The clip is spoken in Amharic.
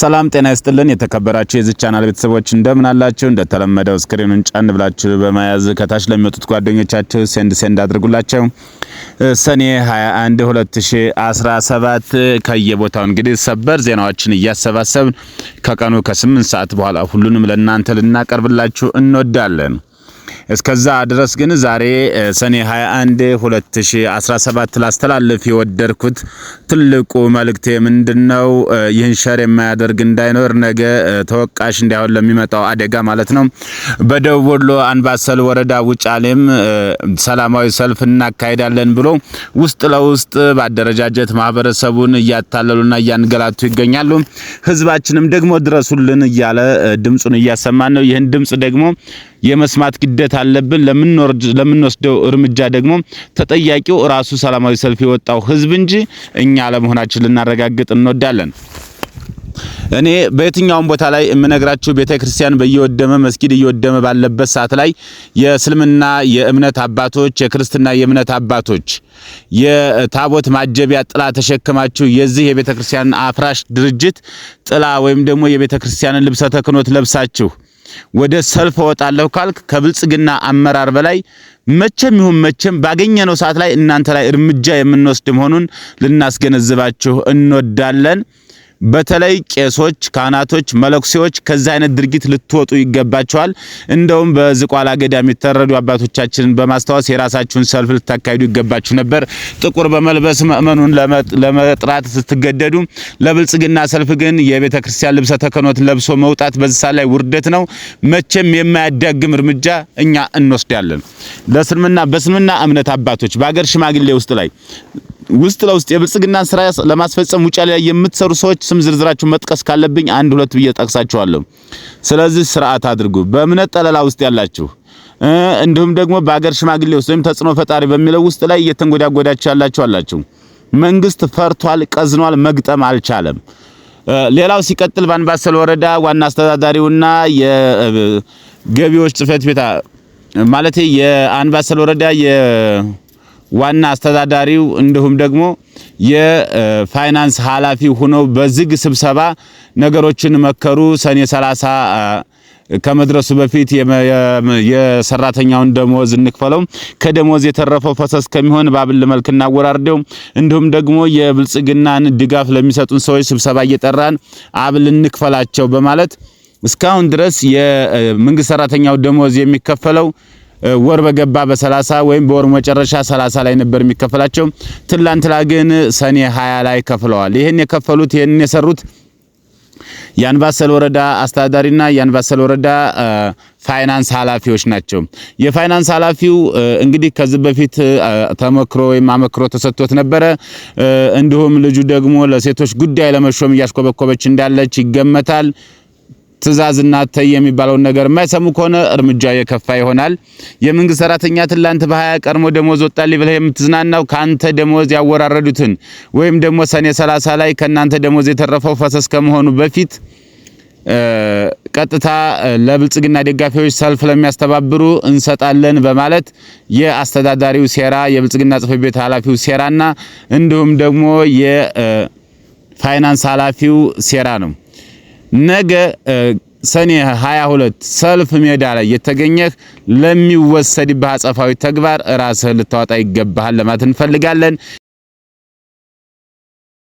ሰላም ጤና ይስጥልን። የተከበራችሁ የዚህ ቻናል ቤተሰቦች እንደምን አላችሁ? እንደተለመደው ስክሪኑን ጫን ብላችሁ በመያዝ ከታች ለሚወጡት ጓደኞቻችሁ ሴንድ ሴንድ አድርጉላቸው። ሰኔ 21 2017 ከየቦታው እንግዲህ ሰበር ዜናዎችን እያሰባሰብን ከቀኑ ከ8 ሰዓት በኋላ ሁሉንም ለእናንተ ልናቀርብላችሁ እንወዳለን። እስከዛ ድረስ ግን ዛሬ ሰኔ 21 2017 ላስተላልፍ የወደድኩት ትልቁ መልእክቴ ምንድነው? ይህን ሸር የማያደርግ እንዳይኖር ነገ ተወቃሽ እንዲያሆን ለሚመጣው አደጋ ማለት ነው። በደቡብ ወሎ አንባሰል ወረዳ ውጫሌም ሰላማዊ ሰልፍ እናካሄዳለን ብሎ ውስጥ ለውስጥ በአደረጃጀት ማህበረሰቡን እያታለሉና እያንገላቱ ይገኛሉ። ህዝባችንም ደግሞ ድረሱልን እያለ ድምፁን እያሰማን ነው። ይህን ድምፅ ደግሞ የመስማት ግዴታ አለብን። ለምንወስደው እርምጃ ደግሞ ተጠያቂው ራሱ ሰላማዊ ሰልፍ የወጣው ህዝብ እንጂ እኛ አለመሆናችን ልናረጋግጥ እንወዳለን። እኔ በየትኛውም ቦታ ላይ የምነግራችሁ ቤተ ክርስቲያን በየወደመ መስጊድ እየወደመ ባለበት ሰዓት ላይ የእስልምና የእምነት አባቶች፣ የክርስትና የእምነት አባቶች የታቦት ማጀቢያ ጥላ ተሸክማችሁ የዚህ የቤተ ክርስቲያን አፍራሽ ድርጅት ጥላ ወይም ደግሞ የቤተ ክርስቲያንን ልብሰ ተክኖት ለብሳችሁ ወደ ሰልፍ እወጣለሁ ካልክ ከብልጽግና አመራር በላይ መቼም ይሁን መቼም ባገኘነው ሰዓት ላይ እናንተ ላይ እርምጃ የምንወስድ መሆኑን ልናስገነዝባችሁ እንወዳለን። በተለይ ቄሶች፣ ካህናቶች፣ መለኩሴዎች ከዚህ አይነት ድርጊት ልትወጡ ይገባቸዋል። እንደውም በዝቋላ ገዳም የተረዱ አባቶቻችንን በማስታወስ የራሳችሁን ሰልፍ ልታካሂዱ ይገባችሁ ነበር። ጥቁር በመልበስ ምእመኑን ለመጥራት ስትገደዱ፣ ለብልጽግና ሰልፍ ግን የቤተ ክርስቲያን ልብሰ ተክህኖት ለብሶ መውጣት በዚህ ሰዓት ላይ ውርደት ነው። መቼም የማያዳግም እርምጃ እኛ እንወስዳለን። ለእስልምና በእስልምና እምነት አባቶች በአገር ሽማግሌ ውስጥ ላይ ውስጥ ለውስጥ የብልጽግና ስራ ለማስፈጸም ውጫሌ ላይ የምትሰሩ ሰዎች ስም ዝርዝራችሁ መጥቀስ ካለብኝ አንድ ሁለት ብዬ ጠቅሳችኋለሁ። ስለዚህ ስርዓት አድርጉ። በእምነት ጠለላ ውስጥ ያላችሁ እንዲሁም ደግሞ በአገር ሽማግሌ ውስጥ ወይም ተጽዕኖ ፈጣሪ በሚለው ውስጥ ላይ እየተንጎዳጎዳችሁ ያላችሁ አላችሁ። መንግስት ፈርቷል፣ ቀዝኗል፣ መግጠም አልቻለም። ሌላው ሲቀጥል ባንባሰል ወረዳ ዋና አስተዳዳሪውና የገቢዎች ጽህፈት ቤት ማለት የአንባሰል ወረዳ ዋና አስተዳዳሪው እንዲሁም ደግሞ የፋይናንስ ኃላፊ ሆነው በዝግ ስብሰባ ነገሮችን መከሩ። ሰኔ 30 ከመድረሱ በፊት የሰራተኛውን ደሞዝ እንክፈለው፣ ከደሞዝ የተረፈው ፈሰስ ከሚሆን ባብል መልክ እናወራርደው፣ እንዲሁም ደግሞ የብልጽግናን ድጋፍ ለሚሰጡን ሰዎች ስብሰባ እየጠራን አብል እንክፈላቸው በማለት እስካሁን ድረስ የመንግስት ሰራተኛው ደሞዝ የሚከፈለው ወር በገባ በሰላሳ ወይም በወር መጨረሻ ሰላሳ ላይ ነበር የሚከፈላቸው። ትላንትላ ግን ሰኔ ሀያ ላይ ከፍለዋል። ይህን የከፈሉት ይህን የሰሩት የአንባሰል ወረዳ አስተዳዳሪና የአንባሰል ወረዳ ፋይናንስ ኃላፊዎች ናቸው። የፋይናንስ ኃላፊው እንግዲህ ከዚህ በፊት ተመክሮ ወይም አመክሮ ተሰጥቶት ነበረ። እንዲሁም ልጁ ደግሞ ለሴቶች ጉዳይ ለመሾም እያሽኮበኮበች እንዳለች ይገመታል። ትእዛዝና ተይ የሚባለውን ነገር የማይሰሙ ከሆነ እርምጃ የከፋ ይሆናል። የመንግስት ሰራተኛ ትላንት በሀያ ቀድሞ ደሞዝ ወጣል ብለህ የምትዝናናው ከአንተ ደሞዝ ያወራረዱትን ወይም ደግሞ ሰኔ ሰላሳ ላይ ከእናንተ ደሞዝ የተረፈው ፈሰስ ከመሆኑ በፊት ቀጥታ ለብልጽግና ደጋፊዎች ሰልፍ ለሚያስተባብሩ እንሰጣለን በማለት የአስተዳዳሪው ሴራ፣ የብልጽግና ጽሕፈት ቤት ኃላፊው ሴራና እንዲሁም ደግሞ የፋይናንስ ኃላፊው ሴራ ነው። ነገ ሰኔ 22 ሰልፍ ሜዳ ላይ የተገኘህ ለሚወሰድብህ አጸፋዊ ተግባር ራስህን ልታወጣ ይገባሃል ለማለት እንፈልጋለን።